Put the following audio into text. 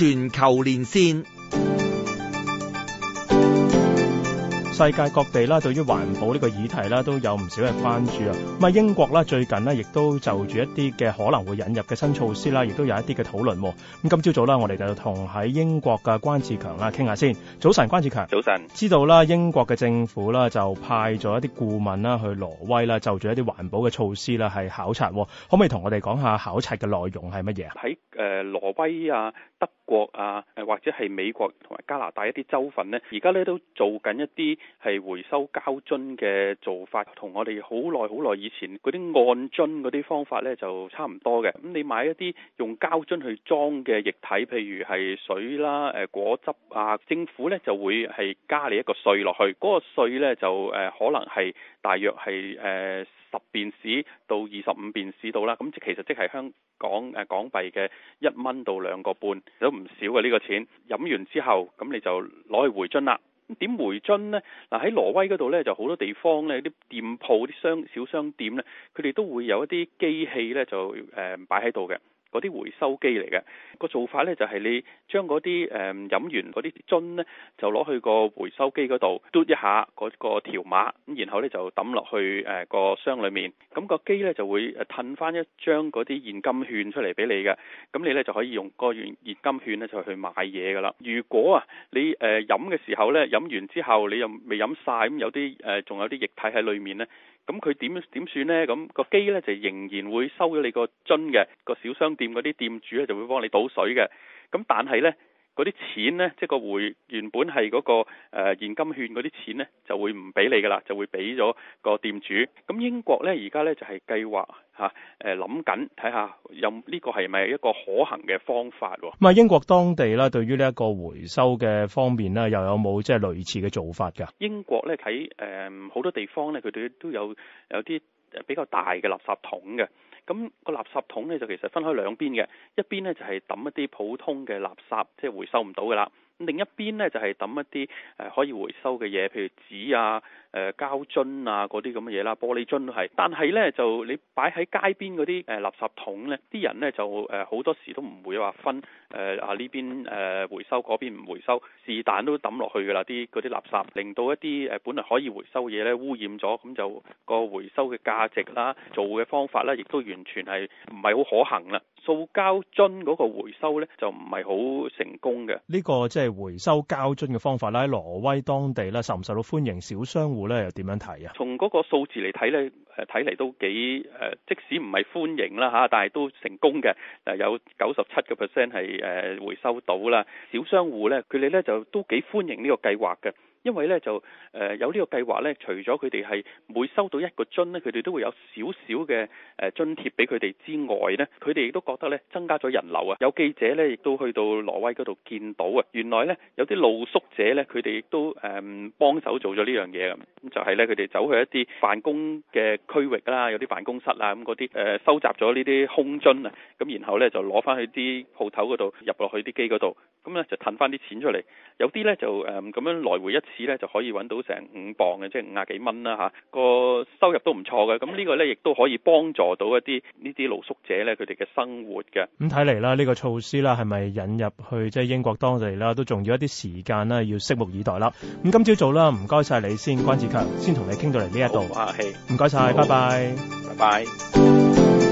全球連線，世界各地啦，對於環保呢個議題啦，都有唔少嘅關注啊。咁啊，英國啦，最近咧，亦都就住一啲嘅可能會引入嘅新措施啦，亦都有一啲嘅討論。咁今朝早啦，我哋就同喺英國嘅關志強啦傾下先。早晨，關志強，早晨。知道啦，英國嘅政府啦，就派咗一啲顧問啦去挪威啦，就住一啲環保嘅措施啦，係考察。可唔可以同我哋講下考察嘅內容係乜嘢啊？誒、呃、挪威啊、德國啊、誒或者係美國同埋加拿大一啲州份呢，而家呢都做緊一啲係回收膠樽嘅做法，同我哋好耐好耐以前嗰啲按樽嗰啲方法呢，就差唔多嘅。咁你買一啲用膠樽去裝嘅液體，譬如係水啦、誒果汁啊，政府呢就會係加你一個稅落去。嗰、嗰個稅呢，就誒可能係大約係誒。呃十便士到二十五便士度啦，咁其實即係香港誒港幣嘅一蚊到兩個半，都唔少嘅呢個錢。飲完之後，咁你就攞去回樽啦。點回樽呢？嗱喺挪威嗰度呢，就好多地方呢啲店鋪啲商小商店呢，佢哋都會有一啲機器呢，就誒擺喺度嘅。嗰啲回收機嚟嘅，個做法呢，就係、係、你將嗰啲誒飲完嗰啲樽呢，就攞去個回收機嗰度嘟一下嗰、個條碼，咁然後呢就抌落去個、呃、箱裏面，咁、個機呢，就會褪翻一張嗰啲現金券出嚟俾你嘅，咁你呢，就可以用個現金券呢，就去買嘢㗎啦。如果啊你、呃、飲嘅時候呢，飲完之後你又未飲晒，咁有啲仲、呃、有啲液體喺裏面呢。咁佢點點算咧？咁個機咧就仍然會收咗你個樽嘅，個小商店嗰啲店主咧就會幫你倒水嘅。咁但係咧。嗰啲錢呢，即係個回原本係嗰個誒現金券嗰啲錢呢，就會唔俾你噶啦，就會俾咗個店主。咁英國呢，而家呢，就係計劃吓誒諗緊，睇下有呢個係咪一個可行嘅方法。咁啊，英國當地呢，對於呢一個回收嘅方面呢，又有冇即係類似嘅做法㗎？英國呢，喺誒好多地方呢，佢哋都有有啲比較大嘅垃圾桶嘅。咁個垃圾桶咧就其實分開兩邊嘅，一邊咧就係抌一啲普通嘅垃圾，即係回收唔到噶啦。另一邊呢，就係、是、抌一啲誒可以回收嘅嘢，譬如紙啊、誒、呃、膠樽啊嗰啲咁嘅嘢啦，玻璃樽都係。但係呢，就你擺喺街邊嗰啲誒垃圾桶呢，啲人呢就誒好、呃、多時都唔會話分誒啊呢邊誒回收嗰邊唔回收，是但都抌落去㗎啦。啲啲垃圾令到一啲誒本來可以回收嘢呢污染咗，咁就個回收嘅價值啦、做嘅方法呢亦都完全係唔係好可行啦。到膠樽嗰個回收咧就唔係好成功嘅。呢個即係回收膠樽嘅方法咧，喺挪威當地咧受唔受到歡迎？小商戶咧又點樣睇啊？從嗰個數字嚟睇咧，誒睇嚟都幾誒，即使唔係歡迎啦嚇，但係都成功嘅。誒有九十七個 percent 係誒回收到啦。小商戶咧，佢哋咧就都幾歡迎呢個計劃嘅。因為咧就誒有呢個計劃咧，除咗佢哋係每收到一個樽咧，佢哋都會有少少嘅誒津貼俾佢哋之外咧，佢哋亦都覺得咧增加咗人流啊！有記者咧亦都去到挪威嗰度見到啊，原來咧有啲露宿者咧，佢哋亦都誒幫手做咗呢樣嘢咁，就係咧佢哋走去一啲辦公嘅區域啦，有啲辦公室啊咁嗰啲誒收集咗呢啲空樽啊，咁然後咧就攞翻去啲鋪頭嗰度入落去啲機嗰度，咁咧就揼翻啲錢出嚟。有啲咧就誒咁樣來回一市咧就可以揾到成五磅嘅，即係五廿幾蚊啦嚇，個收入都唔錯嘅。咁呢個咧亦都可以幫助到一啲呢啲露宿者咧，佢哋嘅生活嘅。咁睇嚟啦，呢個措施啦，係咪引入去即係英國當地啦，都仲要一啲時間啦，要拭目以待啦。咁今朝早啦，唔該晒你先，關志強先同你傾到嚟呢一度，唔客氣，唔該晒，拜拜，拜拜。拜拜。